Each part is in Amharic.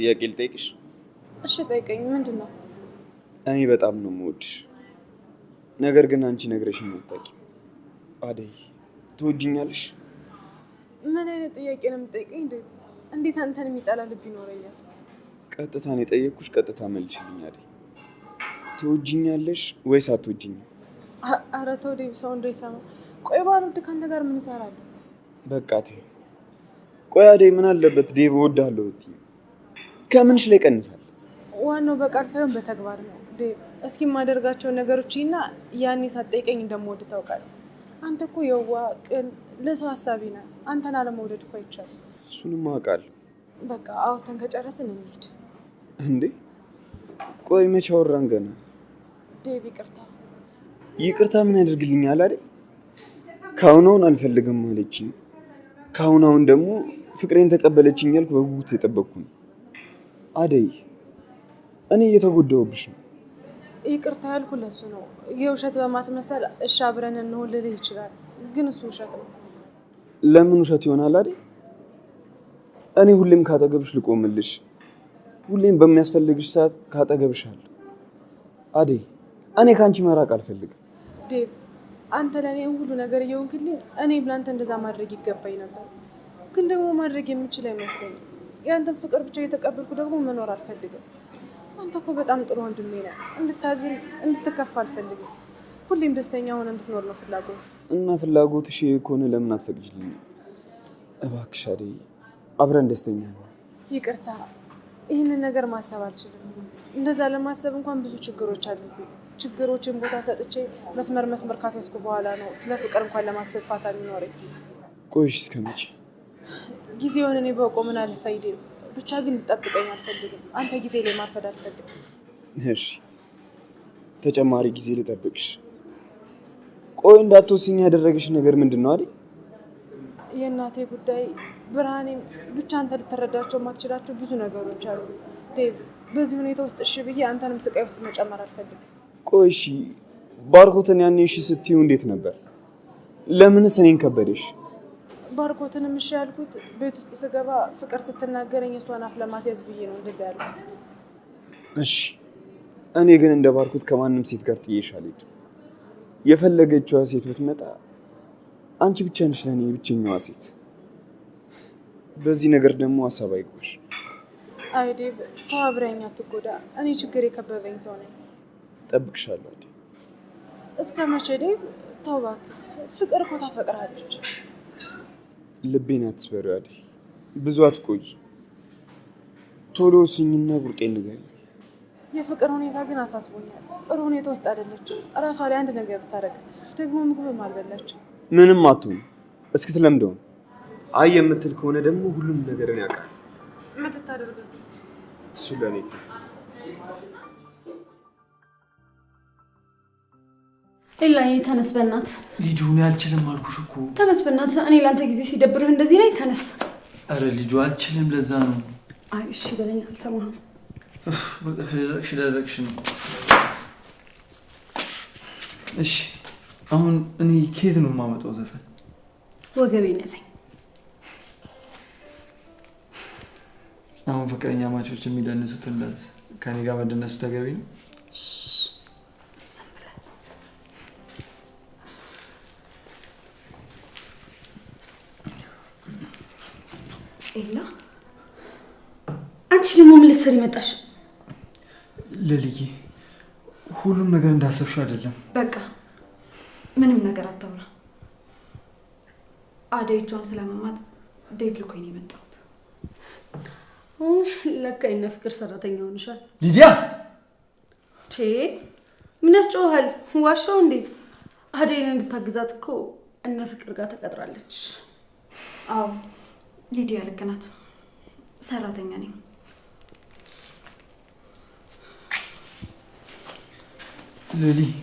ጥያቄ ልጠይቅሽ? እሺ ጠይቀኝ። ምንድን ነው? እኔ በጣም ነው የምወድሽ፣ ነገር ግን አንቺ ነግረሽኝ አታውቂም። አደይ ትወጅኛለሽ? ምን አይነት ጥያቄ ነው የምጠይቀኝ? እንዴ እንዴት አንተን የሚጠላ ልብ ይኖረኛል? ቀጥታ ነው የጠየቅኩሽ፣ ቀጥታ መልሽልኝ። አደይ ትወጅኛለሽ ወይስ አትወጂኝም? ኧረ ተው ዴቭ፣ ሰው እንዳይሰማ። ቆይ ባልወድ ከአንተ ጋር ምን እሰራለሁ? በቃ ተይው። ቆይ አደይ ምን አለበት ዴቭ እወድሃለሁ ብትይኝ ከምንሽ ላይ ይቀንሳል? ዋናው በቃል ሳይሆን በተግባር ነው። እስኪ የማደርጋቸው ነገሮች እና ያኔ ሳትጠይቀኝ እንደምወድ ታውቃለህ። አንተ እኮ የዋ ቅን፣ ለሰው ሀሳቢ ነህ። አንተን አለመውደድ እኮ አይቻልም። እሱንም አውቃለሁ። በቃ አውተን ከጨረስን እንሂድ። እንዴ ቆይ መቼ አወራን ገና? ዴቭ ይቅርታ። ይቅርታ ምን ያደርግልኛል አይደል? ከአሁን አሁን አልፈልግም አለችኝ። ከአሁን አሁን ደግሞ ፍቅሬን ተቀበለችኝ በጉት በጉጉት የጠበቅኩ ነው። አደይ፣ እኔ እየተጎዳሁብሽ ነው። ይቅርታ ያልኩ ለሱ ነው። የውሸት በማስመሰል እሺ አብረን እንሆን ልልህ ይችላል፣ ግን እሱ ውሸት ነው። ለምን ውሸት ይሆናል አደይ? እኔ ሁሌም ካጠገብሽ ልቆምልሽ፣ ሁሌም በሚያስፈልግሽ ሰዓት ካጠገብሻል። አደይ፣ እኔ ከአንቺ መራቅ አልፈልግም። ዴቭ፣ አንተ ለእኔ ሁሉ ነገር እየሆንክልኝ፣ እኔ ብላንተ እንደዛ ማድረግ ይገባኝ ነበር፣ ግን ደግሞ ማድረግ የምችል አይመስለኝም። የአንተን ፍቅር ብቻ እየተቀበልኩ ደግሞ መኖር አልፈልግም። አንተ እኮ በጣም ጥሩ ወንድሜ ነህ። እንድታዝን፣ እንድትከፋ አልፈልግም። ሁሌም ደስተኛ ሆነ እንድትኖር ነው ፍላጎት እና ፍላጎትሽ ከሆነ ለምን አትፈቅጂልኝ? እባክሽ አደይ፣ አብረን ደስተኛ ነው። ይቅርታ፣ ይህንን ነገር ማሰብ አልችልም። እንደዛ ለማሰብ እንኳን ብዙ ችግሮች አሉብኝ። ችግሮችን ቦታ ሰጥቼ መስመር መስመር ካስያዝኩ በኋላ ነው ስለ ፍቅር እንኳን ለማሰብ ፋታ የሚኖረኝ። ቆይሽ እስከመቼ? የሆነ እኔ በውቆ ምን አልፈይድ ብቻ ግን ልጠብቀኝ አልፈልግም። አንተ ጊዜ ላይ ማርፈድ አልፈልግም። እሺ ተጨማሪ ጊዜ ልጠብቅሽ። ቆይ እንዳትወስኝ ያደረገሽ ነገር ምንድን ነው? አይደል የእናቴ ጉዳይ ብርሃኔም፣ ብቻ አንተ ልትረዳቸው የማትችላቸው ብዙ ነገሮች አሉ። በዚህ ሁኔታ ውስጥ እሺ ብዬ አንተንም ስቃይ ውስጥ መጨመር አልፈልግም። ቆይ እሺ ባርኮትን ያኔ እሺ ስትዩ እንዴት ነበር? ለምንስ እኔን ከበደሽ? ባርኮትን እሺ ያልኩት ቤት ውስጥ ስገባ ፍቅር ስትናገረኝ እሷን አፍ ለማስያዝ ብዬ ነው እንደዛ ያልኩት። እሺ እኔ ግን እንደ ባርኩት ከማንም ሴት ጋር ጥዬሻል። የፈለገችዋ ሴት ብትመጣ አንቺ ብቻ ነሽ ለእኔ ብቸኛዋ ሴት። በዚህ ነገር ደግሞ ሀሳብ አይግባሽ። አይ ዴቭ ተው፣ አትጎዳ። እኔ ችግር የከበበኝ ሰው ነኝ። እጠብቅሻለሁ። እስከ መቼ ዴቭ? ተው እባክህ። ፍቅር እኮ ታፈቅራለች። ልቤን አትስበሪው አደይ። ብዙ አትቆይ። ቶሎ ስኝና ቡርቄን ንገሪኝ። የፍቅር ሁኔታ ግን አሳስቦኛል። ጥሩ ሁኔታ ውስጥ አይደለችም። እራሷ ላይ አንድ ነገር ብታረግስ? ደግሞ ምግብም አልበላችም። ምንም አትሆንም። እስክትለምደው አይ የምትል ከሆነ ደግሞ ሁሉም ነገርን ያውቃል። ምን ልታደርጋት? እሱ ኤላዬ ተነስ በእናት ልጁ። እኔ አልችልም አልኩሽ እኮ ተነስ በእናት። እኔ ለአንተ ጊዜ ሲደብርህ እንደዚህ ላይ ተነስ። አረ ልጁ አልችልም፣ ለዛ ነው። አይ እሺ በለኝ፣ አልሰማህም። በቃ ከደረቅሽ ደረቅሽ ነው። እሺ አሁን እኔ ከየት ነው የማመጣው ዘፈን? ወገቤ ነዘኝ። አሁን ፍቅረኛ ማቾች የሚደንሱት እንዳዝ ከኔ ጋር መደነሱ ተገቢ ነው? ልትሰሪ መጣሽ? ልልዬ፣ ሁሉም ነገር እንዳሰብሽው አይደለም። በቃ ምንም ነገር አታውራ። አደይ እጇን ስለመማት ዴቭ ልኮኝ ነው የመጣሁት። ለካ የእነ ፍቅር ሰራተኛ ሆንሻል። ሊዲያ፣ ምን ያስጮሃል? ዋሻው እንዴ? አደይን እንድታግዛት እኮ እነ ፍቅር ጋር ተቀጥራለች። አዎ ሊዲያ ልክ ናት። ሰራተኛ ነኝ። le lit.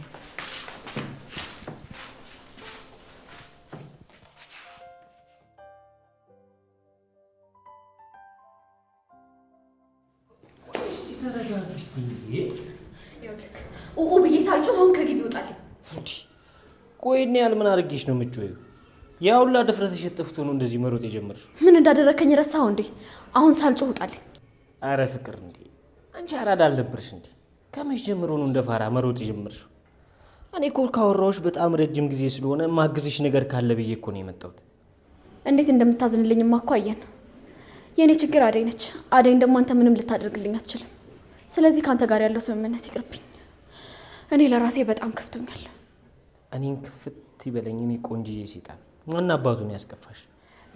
ኡ ብዬ ሳልጮህ አሁን ከግቢ ይወጣል። ቆይ እኔ ያህል ምን አድርጌሽ ነው የምትጮይው? ያ ሁላ ድፍረትሽ ጠፍቶ ነው እንደዚህ መሮጥ የጀመርሽው? ምን እንዳደረከኝ ረሳኸው እንዴ? አሁን ሳልጮህ ውጣልኝ። አረ ፍቅር እንዴ! አንቺ አራዳ አልነበርሽ እንዴ? ከመቼ ጀምሮ ነው እንደ ፋራ መሮጥ የጀመርሽው? እኔ እኮ ካወራሁሽ በጣም ረጅም ጊዜ ስለሆነ ማግዝሽ ነገር ካለ ብዬ እኮ ነው የመጣሁት። እንዴት እንደምታዝንልኝ ማኳየን የእኔ ችግር አደይ ነች። አደይ ደግሞ አንተ ምንም ልታደርግልኝ አትችልም። ስለዚህ ከአንተ ጋር ያለው ስምምነት ይቅርብኝ። እኔ ለራሴ በጣም ከፍቶኛል። እኔን ክፍት ይበለኝ። እኔ ቆንጅዬ ሴጣን ዋና አባቱን ያስከፋሽ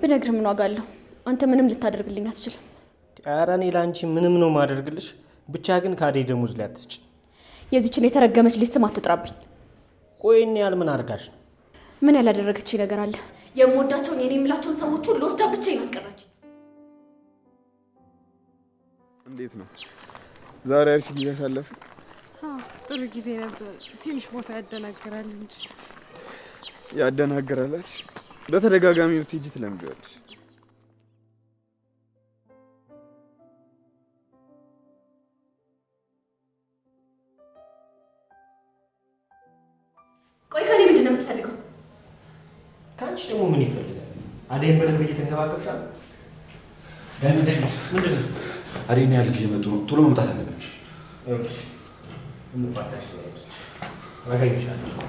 ብነግርህ ምን ዋጋ አለው? አንተ ምንም ልታደርግልኝ አትችልም። ኧረ እኔ ለአንቺ ምንም ነው ማደርግልሽ ብቻ ግን ካዴ ደሞዝ ላይ አትስጭ። የዚችን የተረገመች ልጅ ስም አትጥራብኝ። ቆይን ያል ምን አድርጋች ነው? ምን ያላደረገች ነገር አለ? የምወዳቸውን የኔ የምላቸውን ሰዎች ሁሉ ወስዳ ብቻ ይናስቀራች። እንዴት ነው ዛሬ? አሪፍ ጊዜ አሳለፍ? ጥሩ ጊዜ ነበር። ትንሽ ቦታ ያደናግራል እንጂ ያደናግራላች። በተደጋጋሚ ብትሄጂ ትለምጃለሽ። እኔም በደንብ እየተንከባከብሻል። ዳይመንድ ዳይመንድ፣ ምንድን ነው? አሪና ልጅ እየመጡ ነው። ቶሎ መምጣት አለብን። እንፋታሽ አገኝሻለሁ።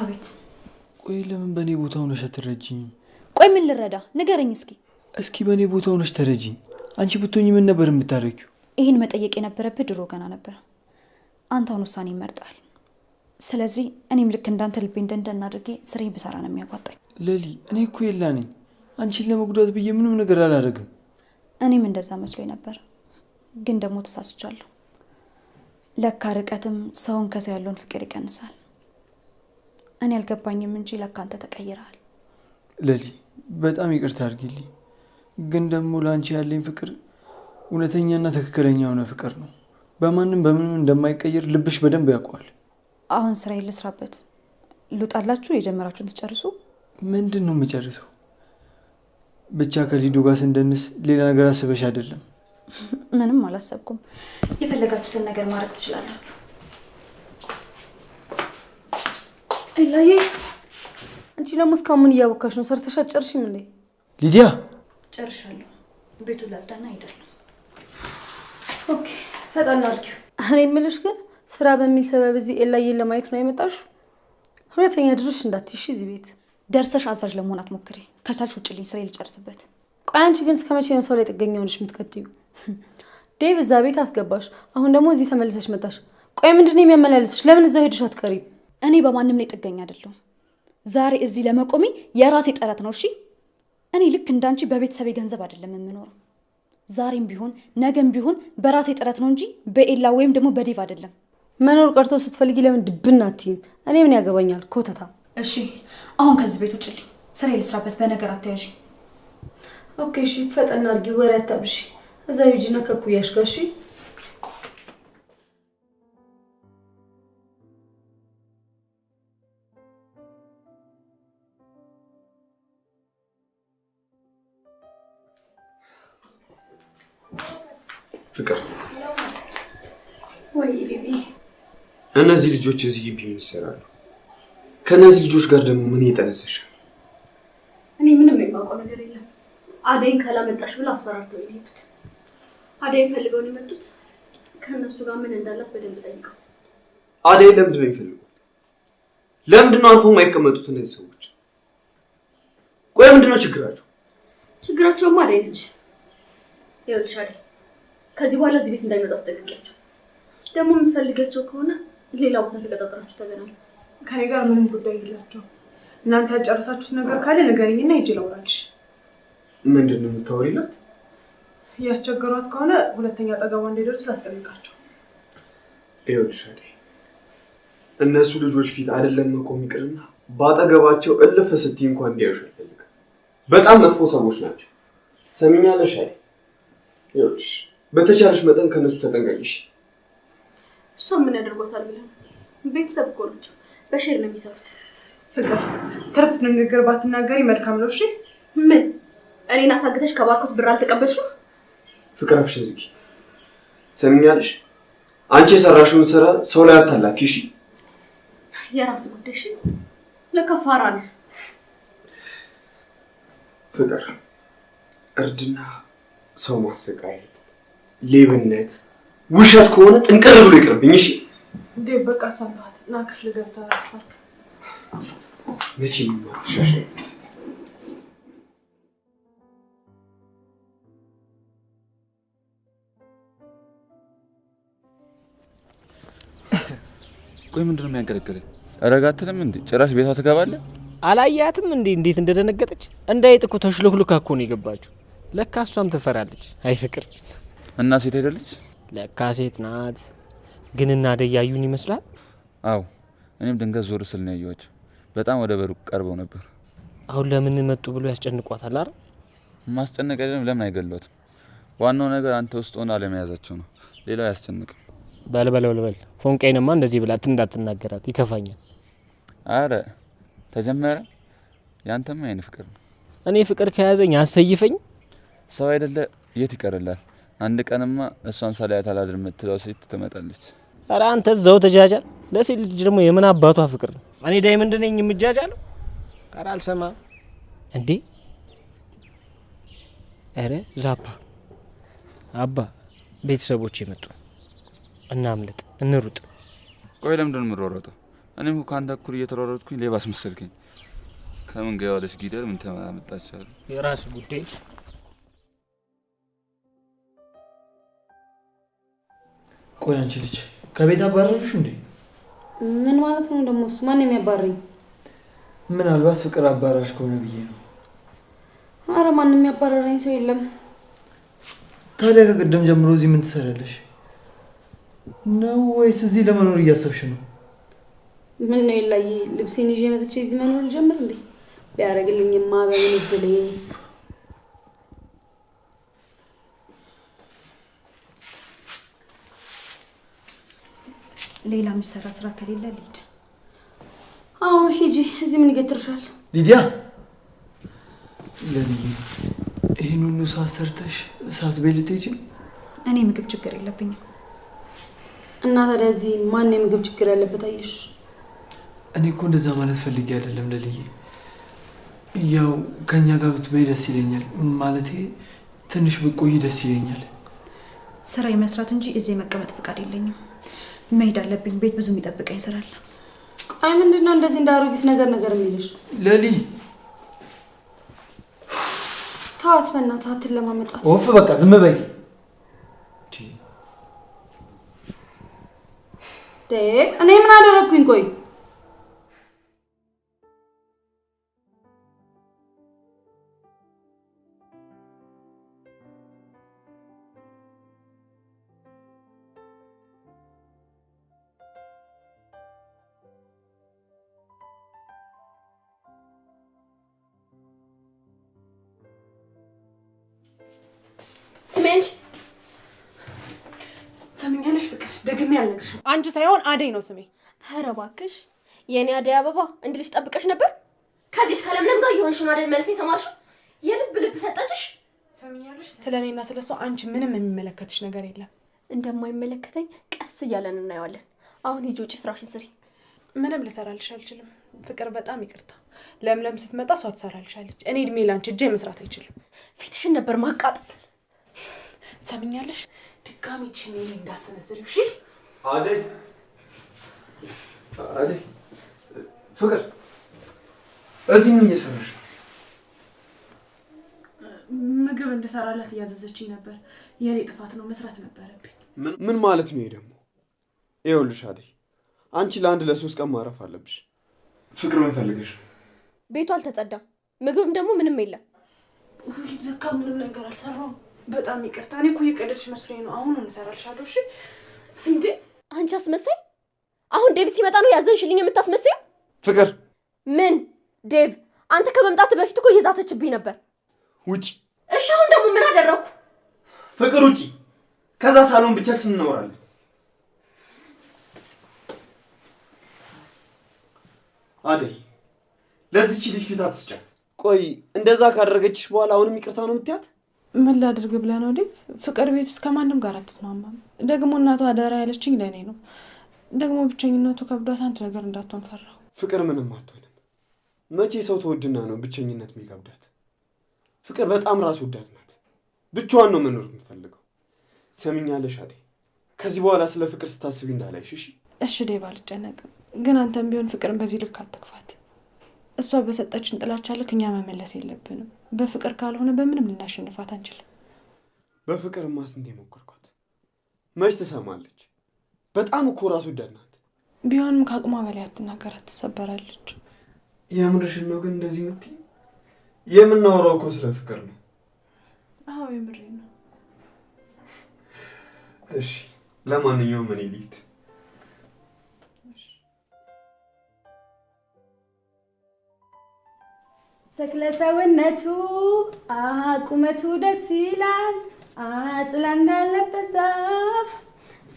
አቤት። ቆይ ለምን በእኔ ቦታ ሆነሽ አትረጅኝም? ቆይ ምን ልረዳ ንገረኝ እስኪ። እስኪ በእኔ ቦታ ሆነች ተረጂኝ። አንቺ ብትሆኝ ምን ነበር የምታደረጊ ይህን መጠየቅ የነበረብህ ድሮ ገና ነበር። አሁን ውሳኔ ይመርጣል። ስለዚህ እኔም ልክ እንዳንተ ልቤ እንደንደን አድርጌ ስሬ ብሰራ ነው የሚያጓጣኝ። ለሊ እኔ እኮ የላ ነኝ። አንቺን ለመጉዳት ብዬ ምንም ነገር አላደረግም እኔም እንደዛ መስሎ ነበር፣ ግን ደግሞ ተሳስቻለሁ። ለካ ርቀትም ሰውን ከሰው ያለውን ፍቅር ይቀንሳል። እኔ አልገባኝም እንጂ ለካ አንተ ተቀይረሃል። ለሊ በጣም ይቅርታ አድርጊልኝ። ግን ደግሞ ለአንቺ ያለኝ ፍቅር እውነተኛና ትክክለኛ የሆነ ፍቅር ነው። በማንም በምንም እንደማይቀየር ልብሽ በደንብ ያውቀዋል። አሁን ስራ የለስራበት ልውጣላችሁ? የጀመራችሁን ትጨርሱ። ምንድን ነው የምጨርሰው? ብቻ ከሊዱ ጋር ስንደንስ ሌላ ነገር አስበሽ አይደለም? ምንም አላሰብኩም። የፈለጋችሁትን ነገር ማድረግ ትችላላችሁ። አንቺ ደግሞ እስካሁን ምን እያቦካሽ ነው? ሰርተሻ ጨርሽም እንዴ? ሊዲያ ጨርሻለሁ። ቤቱን ላጽዳና አይደለም። ፈጠን አልኪው። እኔ የምልሽ ግን ስራ በሚል ሰበብ እዚህ ኤላዬን ለማየት ነው የመጣሹ? ሁለተኛ ድርሽ እንዳትይሽ እዚህ ቤት ደርሰሽ አዛዥ ለመሆን አትሞክሪ። ከቻልሽ ውጭልኝ፣ ስራ ልጨርስበት። ቆይ አንቺ ግን እስከ መቼ ነው ሰው ላይ ጥገኛ ሆነሽ የምትቀጥዩ? ዴቭ እዛ ቤት አስገባሽ፣ አሁን ደግሞ እዚህ ተመልሰሽ መጣሽ። ቆይ ምንድን ነው የሚያመላልስሽ? ለምን እዛው ሄድሽ አትቀሪም? እኔ በማንም ላይ ጥገኛ አይደለሁም። ዛሬ እዚህ ለመቆሜ የራሴ ጥረት ነው። እሺ እኔ ልክ እንዳንቺ በቤተሰቤ ገንዘብ አይደለም የምኖረው። ዛሬም ቢሆን ነገም ቢሆን በራሴ ጥረት ነው እንጂ በኤላ ወይም ደግሞ በዴቭ አይደለም። መኖር ቀርቶ ስትፈልጊ ለምን ድብና አትይም? እኔ ምን ያገባኛል ኮተታ። እሺ አሁን ከዚህ ቤት ውጭልኝ፣ ስራ ልስራበት። በነገር አታያዥ። ኦኬ እሺ፣ ፈጠና አድርጊ፣ ወሬ አታብሺ። እዛ ሂጂና ከኩያሽ ጋር እሺ እነዚህ ልጆች እዚህ ግቢ ምን ይሰራሉ? ከእነዚህ ልጆች ጋር ደግሞ ምን የጠነሰሽ? እኔ ምንም የማውቀው ነገር የለም። አደይን ካላመጣሽ ብላ አስፈራርተው የሄዱት። አደይን ፈልገው ነው የመጡት። ከእነሱ ጋር ምን እንዳላት በደንብ ጠይቀው። አደይን ለምንድን ነው የሚፈልጉት? ለምንድን ነው አልፎ የማይቀመጡት እነዚህ ሰዎች? ቆይ ምንድን ነው ችግራቸው? ችግራቸውማ አደይ ነች። ይኸውልሽ አደይ፣ ከዚህ በኋላ እዚህ ቤት እንዳይመጣ አስጠንቅቂያቸው። ደግሞ የምትፈልጋቸው ከሆነ ሌላ ቦታ ተቀጣጥራችሁ ተገናኙ። ከኔ ጋር ምንም ጉዳይ የላቸው። እናንተ ያጨረሳችሁት ነገር ካለ ንገረኝና ሂጅ ላውራልሽ። ምንድን ነው የምታወሪላት? እያስቸገሯት ከሆነ ሁለተኛ ጠገቧ እንዲደርሱ ላስጠንቅቃቸው። ይኸውልሽ እነሱ ልጆች ፊት አይደለም መቆም ይቅርና ባጠገባቸው እልፍ ስትይ እንኳን እንዲያዩሽ አልፈልግም። በጣም መጥፎ ሰዎች ናቸው። ሰሚኛለሽ? አይ ይኸውልሽ፣ በተቻለሽ መጠን ከእነሱ ተጠንቀቂሽ። እሷም ምን ያደርጓታል ብለህ ቤተሰብ እኮ ናቸው፣ በሼር ነው የሚሰሩት። ፍቅር ትርፍት ንግግር ባትናገሪ መልካም ነው። እሺ ምን እኔን አሳግተሽ ከባርኮት ብር አልተቀበልሽም? ፍቅር አፍሽን ዝጊ። ሰምኛለሽ። አንቺ የሰራሽውን ስራ ሰው ላይ አታላኪ። እሺ የራስ እሺ ለከፋራ ነው ፍቅር እርድና ሰው ማሰቃየት ሌብነት ውሸት ከሆነ ጥንቅር ብሎ ይቅርብኝ። እሺ እንዴ በቃ ሰማት እና ክፍል ገብታ አጥፋት መቼ ቆይ ምንድን ነው የሚያንቀለቅልህ? ረጋትልም እንዴ ጭራሽ ቤቷ ትገባለህ? አላያትም እንዴ እንዴት እንደደነገጠች እንዳይጥ እኮ ተሽሎክሉካ እኮ ነው የገባችው። ለካ እሷም ትፈራለች። አይ ፍቅር እና ሴት አይደለች ለካሴት ናት ግን እናደ እያዩን ይመስላል። አዎ እኔም ድንገት ዞር ስል ነው በጣም ወደ በሩቅ ቀርበው ነበር። አሁን ለምን መጡ ብሎ ያስጨንቋታል። አረ ማስጨነቅ አይደለም፣ ለምን አይገሏትም። ዋናው ነገር አንተ ውስጥ ሆነ ለመያዛቸው ነው። ሌላው አያስጨንቅም። በል በል ፎንቃይንማ እንደዚህ ብላት እንዳትናገራት፣ ይከፋኛል። አረ ተጀመረ። ያንተም አይን ፍቅር ነው። እኔ ፍቅር ከያዘኝ አሰይፈኝ ሰው አይደለ የት ይቀርላል? አንድ ቀንማ እሷን ሳላያት አላድር የምትለው ሴት ትመጣለች። ኧረ አንተ ዘው ተጃጃል። ለሴት ልጅ ደግሞ የምን አባቷ ፍቅር ነው? እኔ ዳይመንድ ነኝ የምጃጃለው? ኧረ አልሰማም እንዴ! አረ ዛፓ አባ ቤተሰቦች የመጡ እናምልጥ፣ እንሩጥ። ቆይ ለምንድን የምሮረጠው? እኔም እኮ ከአንተ እኩል እየተሯረጥኩኝ ሌባ አስመሰልከኝ። ከምን ጋር ገባለች ጊደር ምን ተመላመጣችኋል? የራስ ጉዳይ ቆይ አንቺ ልጅ ከቤት አባረሩሽ እንዴ? ምን ማለት ነው ደግሞ እሱ? ማን የሚያባርኝ? ምናልባት ፍቅር አባራሽ ከሆነ ብዬ ነው። አረ ማንም የሚያባረረኝ ሰው የለም። ታዲያ ከቅድም ጀምሮ እዚህ ምን ትሰራለሽ ነው? ወይስ እዚህ ለመኖር እያሰብሽ ነው? ምን ነው የላይ ልብሴን ይዤ መጥቼ እዚህ መኖር ጀምር እንዴ? ቢያደርግልኝማ በምን እድሌ ሌላ የሚሰራ ስራ ከሌለ ልሂድ። አዎ ሂጂ። እዚህ ምን ይገትርሻል? ሊዲያ ለልይ ይህን ሁሉ እሳት ሰርተሽ እሳት ቤልት ይጂ። እኔ ምግብ ችግር የለብኝም። እና ታዲያ እዚህ ማን የምግብ ችግር ያለበት አየሽ? እኔ እኮ እንደዛ ማለት ፈልጌ አይደለም ለልዬ። ያው ከእኛ ጋር ብትበይ ደስ ይለኛል። ማለቴ ትንሽ ብቆይ ደስ ይለኛል። ስራ መስራት እንጂ እዚህ የመቀመጥ ፍቃድ የለኝም። መሄድ አለብኝ። ቤት ብዙ የሚጠብቀኝ ስራ አለ። ቆይ ምንድን ነው እንደዚህ እንደ አሮጊት ነገር ነገር የሚልሽ? ለሊ ተዋት፣ በእናትህ ለማመጣት ወፍ በቃ ዝም በይ። እኔ ምን አደረግኩኝ? ቆይ አልነግርሽም። አንቺ ሳይሆን አደይ ነው ስሜ። ኧረ እባክሽ የእኔ አደይ አበባ እንድልሽ ጠብቀሽ ነበር። ከዚች ከለምለም ጋር የሆንሽ ነው መልስ የተማርሽ የልብ ልብ ሰጠችሽ። ሰምኛለሽ። ስለ እኔና ስለ እሷ አንቺ ምንም የሚመለከትሽ ነገር የለም። እንደማይመለከተኝ ቀስ እያለን እናየዋለን። አሁን ሂጂ ውጭ ስራሽን ስሪ። ምንም ልሰራልሽ አልችልም። ፍቅር በጣም ይቅርታ። ለምለም ስትመጣ እሷ ትሰራልሻለች። እኔ እድሜ ላንቺ እጄ መስራት አይችልም። ፊትሽን ነበር ማቃጠል። ሰምኛለሽ። ድጋሚ ችኔ እንዳሰነዝሪው አደይ አደይ ፍቅር እዚህ ምን እየሰራሽ ነው? ምግብ እንድሰራላት እያዘዘችኝ ነበር። የእኔ ጥፋት ነው፣ መስራት ነበረብኝ። ምን ማለት ነው ይሄ ደግሞ? ይኸውልሽ አደይ፣ አንቺ ለአንድ ለሶስት ቀን ማረፍ አለብሽ። ፍቅር ምን ፈልገሽ ነው? ቤቱ አልተጸዳም፣ ምግብም ደግሞ ምንም የለም። ለካ ምንም ነገር አልሰራውም። በጣም ይቅርታ። እኔ እኮ የቀደድሽ መስሎኝ ነው። አሁን እንሰራልሻለሁ። እሺ እንዴ አንቺ አስመሳይ! አሁን ዴቭ ሲመጣ ነው ያዘንሽልኝ የምታስመስይው? ፍቅር ምን ዴቭ፣ አንተ ከመምጣት በፊት እኮ እየዛተችብኝ ነበር። ውጪ! እሺ፣ አሁን ደግሞ ምን አደረግኩ? ፍቅር ውጪ! ከዛ ሳሎን ብቻችን እናወራለን። አደይ፣ ለዚች ልጅ ፊት አትስጫት። ቆይ እንደዛ ካደረገችሽ በኋላ አሁንም ይቅርታ ነው የምትያት? ምን ላድርግ ብለህ ነው ዴቭ? ፍቅር ቤት ውስጥ ከማንም ጋር አትስማማም። ደግሞ እናቷ አደራ ያለችኝ ለእኔ ነው። ደግሞ ብቸኝነቱ ከብዷት አንድ ነገር እንዳትሆን ፈራሁ። ፍቅር ምንም አትሆንም። መቼ ሰው ተወድና ነው ብቸኝነት የሚከብዳት? ፍቅር በጣም ራስ ወዳድ ናት። ብቻዋን ነው መኖር የምትፈልገው። ሰምኛለሽ አደይ፣ ከዚህ በኋላ ስለ ፍቅር ስታስቢ እንዳላይሽ እሺ? እሺ ዴቭ፣ አልጨነቅም። ግን አንተም ቢሆን ፍቅርን በዚህ ልክ አትግፋት። እሷ በሰጠችን ጥላቻ ልክ እኛ መመለስ የለብንም። በፍቅር ካልሆነ በምንም ልናሸንፋት አንችልም። በፍቅርማ ስንቴ ሞከርኳት፣ መች ትሰማለች? በጣም እኮ ራስ ወዳድ ናት። ቢሆንም ከአቅሟ በላይ አትናገራት፣ ትሰበራለች። የምርሽን ነው ግን እንደዚህ ምት የምናወራው እኮ ስለ ፍቅር ነው። አዎ የምሬ ነው። እሺ ለማንኛውም እኔ ልሂድ። ተክለ ሰውነቱ ቁመቱ ደስ ይላል አጥላ እንዳለበት ዛፍ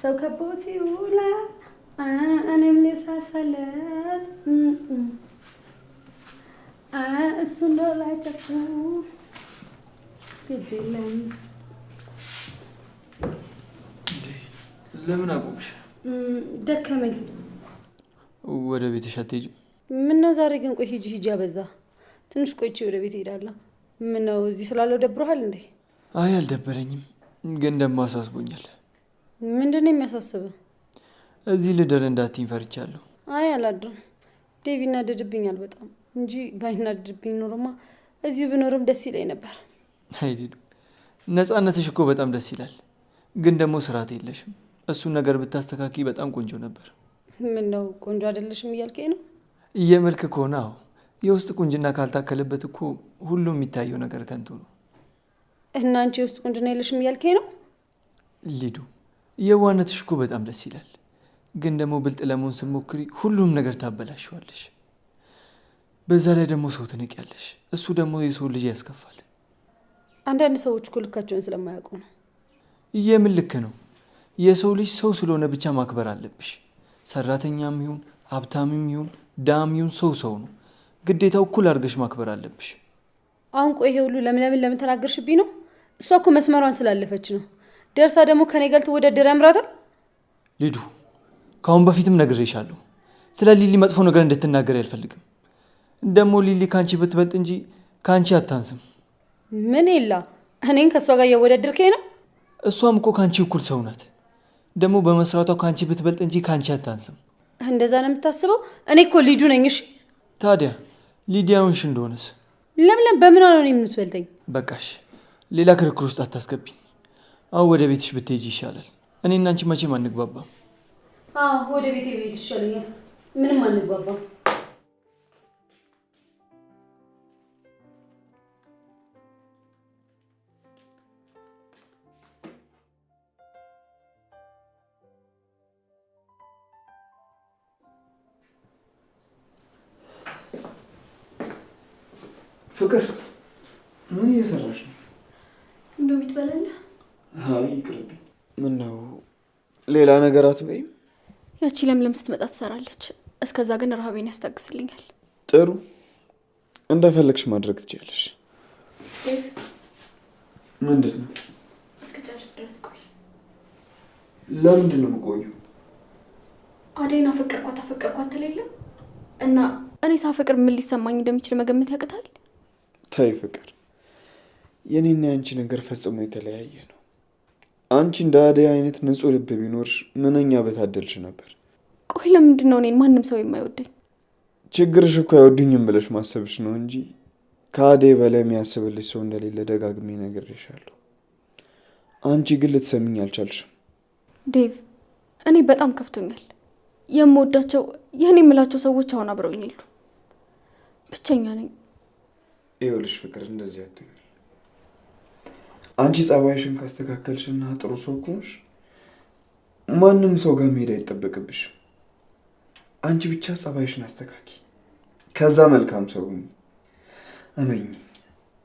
ሰው ከቦት ይውላል እኔም ልሳሳለት እሱ እንደው ላይ ለምን አቆምሽ? ደከመኝ። ወደ ቤትሽ አትሄጂም? ምነው ዛሬ ግን ቆይ ሂጂ ሂጂ አበዛ። ትንሽ ቆይቼ ወደ ቤት እሄዳለሁ። ነው እዚህ ስላለው ደብረሃል እንዴ? አይ አልደበረኝም፣ ግን ደግሞ አሳስቦኛል። ምንድን ነው የሚያሳስበ? እዚህ ልደር እንዳትኝ ፈርቻለሁ። አይ አላድርም። ዴቪ ይናደድብኛል በጣም እንጂ ባይናደድብኝ ኖሮማ እዚሁ ብኖርም ደስ ይለኝ ነበር። አይደለም ነፃነትሽ እኮ በጣም ደስ ይላል፣ ግን ደግሞ ስርዓት የለሽም። እሱን ነገር ብታስተካኪ በጣም ቆንጆ ነበር። ምን ነው ቆንጆ አይደለሽም እያልከኝ ነው? የመልክ ከሆነ አዎ የውስጥ ቁንጅና ካልታከለበት እኮ ሁሉም የሚታየው ነገር ከንቱ ነው። እና አንቺ የውስጥ ቁንጅና የለሽም እያልከኝ ነው? ሊዱ የዋነትሽ እኮ በጣም ደስ ይላል፣ ግን ደግሞ ብልጥ ለመሆን ስሞክሪ ሁሉም ነገር ታበላሸዋለሽ። በዛ ላይ ደግሞ ሰው ትንቂያለሽ። እሱ ደግሞ የሰው ልጅ ያስከፋል። አንዳንድ ሰዎች እኮ ልካቸውን ስለማያውቁ ነው። የምን ልክ ነው? የሰው ልጅ ሰው ስለሆነ ብቻ ማክበር አለብሽ። ሰራተኛም ይሁን ሀብታምም ይሁን ዳም ይሁን ሰው ሰው ነው። ግዴታው እኩል አድርገሽ ማክበር አለብሽ። አሁን ቆይ ይሄ ሁሉ ለምለምን ለምን ተናገርሽብኝ ነው? እሷ እኮ መስመሯን ስላለፈች ነው። ደርሳ ደግሞ ከኔ ጋር ልትወዳደር ያምራታል። ልዱ፣ ከአሁን በፊትም ነግሬሻለሁ፣ ስለ ሊሊ መጥፎ ነገር እንድትናገር አልፈልግም። ደግሞ ሊሊ ከአንቺ ብትበልጥ እንጂ ከአንቺ አታንስም። ምን ይላ እኔን ከእሷ ጋር እያወዳደርከኝ ነው? እሷም እኮ ከአንቺ እኩል ሰው ናት። ደግሞ በመስራቷ ከአንቺ ብትበልጥ እንጂ ከአንቺ አታንስም። እንደዛ ነው የምታስበው? እኔ እኮ ልጁ ነኝ። እሺ ታዲያ ሊዲያውንሽ እንደሆነስ ለምለም በምን ሆነ የምትበልጠኝ? በቃሽ፣ ሌላ ክርክር ውስጥ አታስገቢኝ። አሁ ወደ ቤትሽ ብትሄጂ ይሻላል። እኔ እናንቺ መቼም አንግባባም። ወደ ቤት ቤት ይሻለኛል። ምንም አንግባባም። ፍቅር ምን እየሰራሽ ነው? እንደው ይትበላለህ። አይ ይቅርብኝ። ምን ነው ሌላ ነገር አትበይም? ያቺ ለምለም ስትመጣ ትሰራለች። እስከዛ ግን ረሃቤን ያስታግስልኛል። ጥሩ፣ እንደፈለግሽ ማድረግ ትችላለሽ። ምንድን ነው? እስከ ድረስ ቆይ። ለምንድን ነው የምቆየው? አደይን አፈቀርኳት አፈቀርኳት ትል እና እኔ ሳፈቅር ምን ሊሰማኝ እንደሚችል መገመት ያቅታል። ታይ ፍቅር፣ የኔና የአንቺ ነገር ፈጽሞ የተለያየ ነው። አንቺ እንደ አደይ አይነት ንጹሕ ልብ ቢኖር ምንኛ በታደልሽ ነበር። ቆይ ለምንድን ነው እኔን ማንም ሰው የማይወደኝ? ችግርሽ እኮ አይወዱኝም ብለሽ ማሰብሽ ነው እንጂ ከአደይ በላይ የሚያስብልሽ ሰው እንደሌለ ደጋግሜ ነግሬሻለሁ። አንቺ ግን ልትሰሚኝ አልቻልሽም። ዴቭ፣ እኔ በጣም ከፍቶኛል። የምወዳቸው የእኔ የምላቸው ሰዎች አሁን አብረውኝ የሉ፣ ብቸኛ ነኝ። ይኸውልሽ ፍቅር እንደዚህ አትሁኝ። አንቺ ጸባይሽን ካስተካከልሽና ጥሩ ሰው ከሆንሽ ማንም ሰው ጋር መሄድ አይጠበቅብሽ። አንቺ ብቻ ጸባይሽን አስተካኪ፣ ከዛ መልካም ሰው ሁኚ።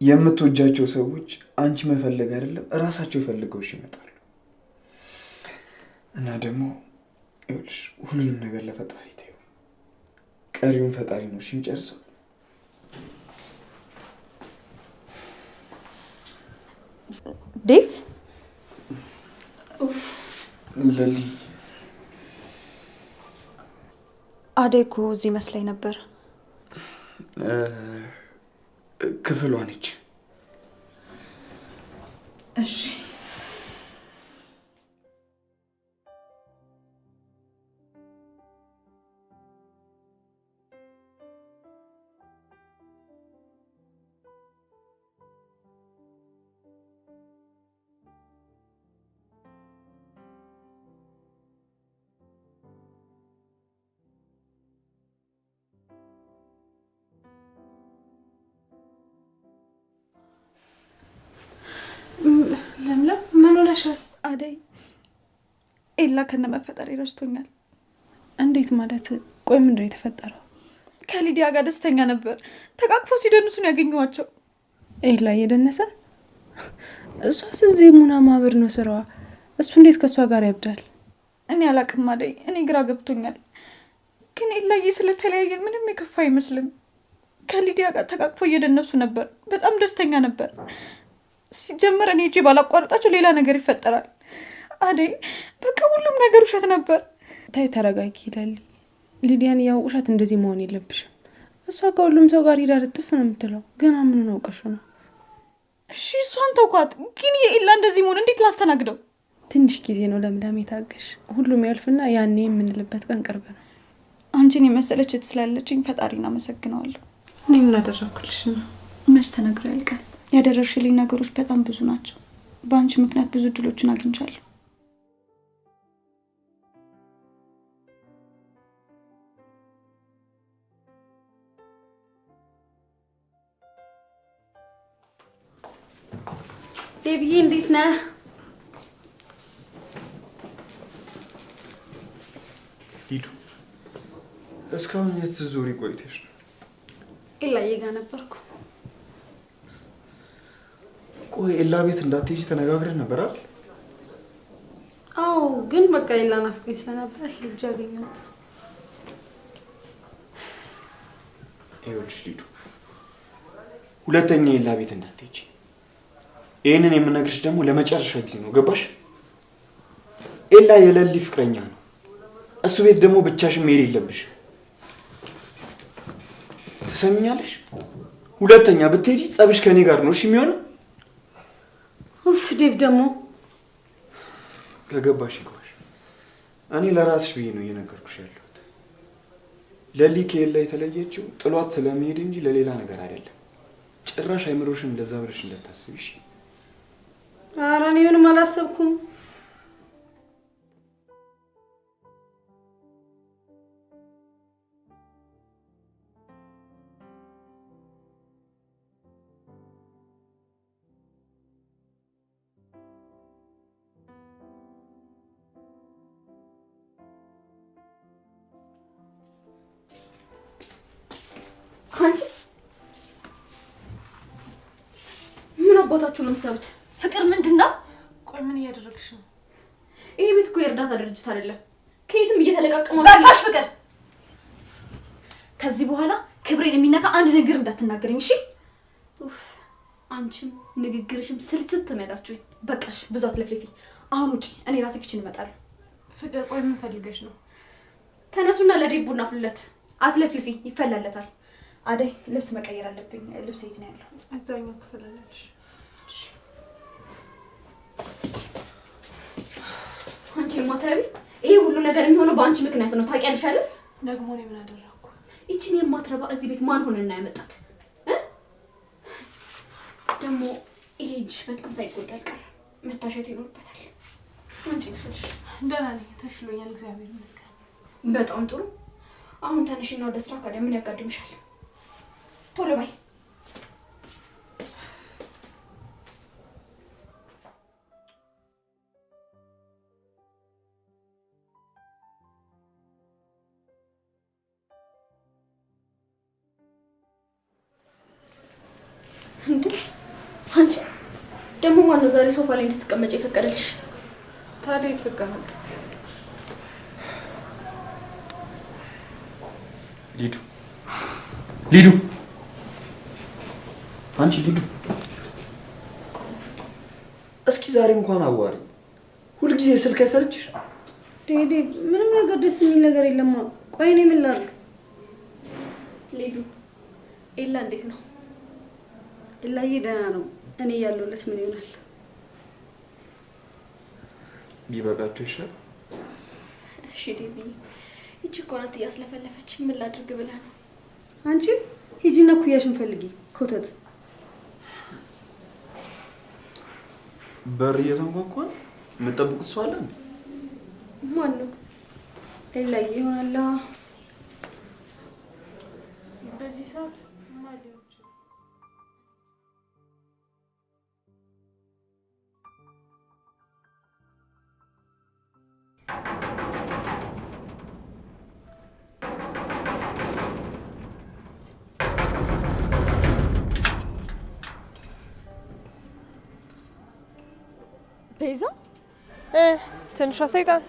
የምትወጃቸው ሰዎች አንቺ መፈለግ አይደለም እራሳቸው ፈልገውሽ ይመጣሉ። እና ደግሞ ይኸውልሽ ሁሉንም ነገር ለፈጣሪ ተይው፣ ቀሪውን ፈጣሪ ነው የሚጨርሰው። ዴቭ አደይ እኮ እዚህ መስላኝ ነበር። ክፍሏ ነች። እሺ ለምለም ምን ሆነሻል? አደይ ኤላ ከነመፈጠር ረስቶኛል። እንዴት ማለት? ቆይ ምንድን ነው የተፈጠረው? ከሊዲያ ጋር ደስተኛ ነበር። ተቃቅፎ ሲደንሱ ነው ያገኘኋቸው። ኤላ እየደነሰ እሷስ እዚህ ሙና ማህበር ነው ስራዋ። እሱ እንዴት ከእሷ ጋር ያብዳል? እኔ አላቅም አደይ፣ እኔ ግራ ገብቶኛል። ግን ኤላዬ ስለተለያየን ምንም የከፋ አይመስልም። ከሊዲያ ጋር ተቃቅፎ እየደነሱ ነበር። በጣም ደስተኛ ነበር። ሲጀመር እኔ እጄ ባላቋረጣቸው ሌላ ነገር ይፈጠራል። አደይ በቃ ሁሉም ነገር ውሸት ነበር። ታዩ ተረጋጊ ይላል ሊዲያን። ያው ውሸት እንደዚህ መሆን የለብሽም። እሷ ከሁሉም ሰው ጋር ሄዳ ልጥፍ ነው የምትለው። ገና ምን አውቀሹ ነው? እሺ እሷን ተውኳት፣ ግን የኢላ እንደዚህ መሆን እንዴት ላስተናግደው? ትንሽ ጊዜ ነው ለምዳም የታገሽ፣ ሁሉም ያልፍና ያኔ የምንልበት ቀን ቅርብ ነው። አንቺን የመሰለች ስላለችኝ ፈጣሪን አመሰግነዋለሁ። እኔ ምን አደረኩልሽ ነው መች ተነግሮ ያልቃል። ያደረሽልኝ ነገሮች በጣም ብዙ ናቸው። በአንቺ ምክንያት ብዙ እድሎችን አግኝቻለሁ። ቤቢዬ እንዴት ነህ? ሂዱ እስካሁን የት ስትዞሪ ቆይተሽ ነው? ኢላዬ ጋ ነበርኩ። ቆይ ኤላ ቤት እንዳትሄጂ ተነጋግረን ነበር አይደል? አዎ፣ ግን በቃ ኤላ ናፍቆኝ ስለነበረ ሄጄ አገኘሁት። ይኸውልሽ ሊዱ፣ ሁለተኛ ኤላ ቤት እንዳትሄጂ። ይህንን የምነግርሽ ደግሞ ለመጨረሻ ጊዜ ነው፣ ገባሽ? ኤላ የለሊ ፍቅረኛ ነው። እሱ ቤት ደግሞ ብቻሽን መሄድ የለብሽ። ትሰሚኛለሽ? ሁለተኛ ብትሄጂ ጸብሽ ከኔ ጋር ነው እሺ የሚሆነው ደግሞ ከገባሽ ይግባሽ። እኔ ለራስሽ ብዬ ነው እየነገርኩሽ ያለሁት። ለሊ ከየላ የተለየችው ጥሏት ስለመሄድ እንጂ ለሌላ ነገር አይደለም። ጭራሽ አይምሮሽን እንደዛ ብለሽ እንዳታስብሽ። ኧረ እኔ ምንም አላሰብኩም። አንቺ ምን አባታችሁ ነው የምትሰሩት? ፍቅር ምንድን ነው? ቆይ ምን እያደረግሽ ነው? ይሄ ቤት እኮ የእርዳታ ድርጅት አይደለም። ከየትም እየተለቃቀመ በቃሽ። ፍቅር ከዚህ በኋላ ክብሬን የሚነካ አንድ ነገር እንዳትናገርኝ እሺ? አንቺም ንግግርሽም ስልችት ነው ያላችሁኝ። በቃሽ፣ ብዙ አትለፍልፊ። አሁን ውጪ፣ እኔ ራሴ ኪችን እመጣለሁ። ፍቅር ቆይ ምን ፈልገሽ ነው? ተነሱና ለዴብ ቡና አፍልለት። አትለፍልፊ፣ ይፈላለታል። አደይ ልብስ መቀየር አለብኝ። ልብስ የት ነው ያለው? እዛኛው ክፍል አለች። አንቺ የማትረቢ ይሄ ሁሉ ነገር የሚሆነው በአንቺ ምክንያት ነው። ታውቂያለሽ አይደል? ደግሞ እኔ ምን አደረኩ? ይቺን የማትረባ እዚህ ቤት ማን ሆነና ያመጣት? ደግሞ ይሄ እጅሽ በጣም ሳይጎዳ አልቀረ መታሸት ይኖርበታል። አንቺ ነሽ ደህና ነኝ፣ ተሽሎኛል፣ እግዚአብሔር ይመስገን። በጣም ጥሩ። አሁን ተነሽና ወደ ስራ። ካዲያ ምን ያጋድምሻል? ቶሎ በይ። አንቺ ደግሞ ማን ነው ዛሬ ሶፋ ላይ እንድትቀመጭ የፈቀደልሽ? ታዲያ የት ልቀመጥ? ሊዱ ሊዱ አንቺ ልዱ እስኪ ዛሬ እንኳን አዋሪ። ሁልጊዜ ስልክ ያሰልችሽ። ዴዴ፣ ምንም ነገር ደስ የሚል ነገር የለማ። ቆይ እኔ ምን ላድርግ? ኤላ እንዴት ነው? ኤላዬ ደህና ነው። እኔ ያለሁለት ምን ይሆናል? ቢበቃቸው ይሻል። እሺ ዴቢ፣ ይቺ እኮ ናት እያስለፈለፈች። ምን ላድርግ ብለህ ነው አንቺ? ሂጂና ኩያሽን ፈልጊ ኮተት በር እየተንኳኳ የምጠብቁት ሰው አለ ማን ነው? ሌላ ይሆናል። በዚህ ሰዓት ተይዛ ትንሿ ሰይጣን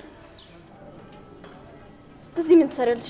እዚህ ምን ትሰሪያለሽ?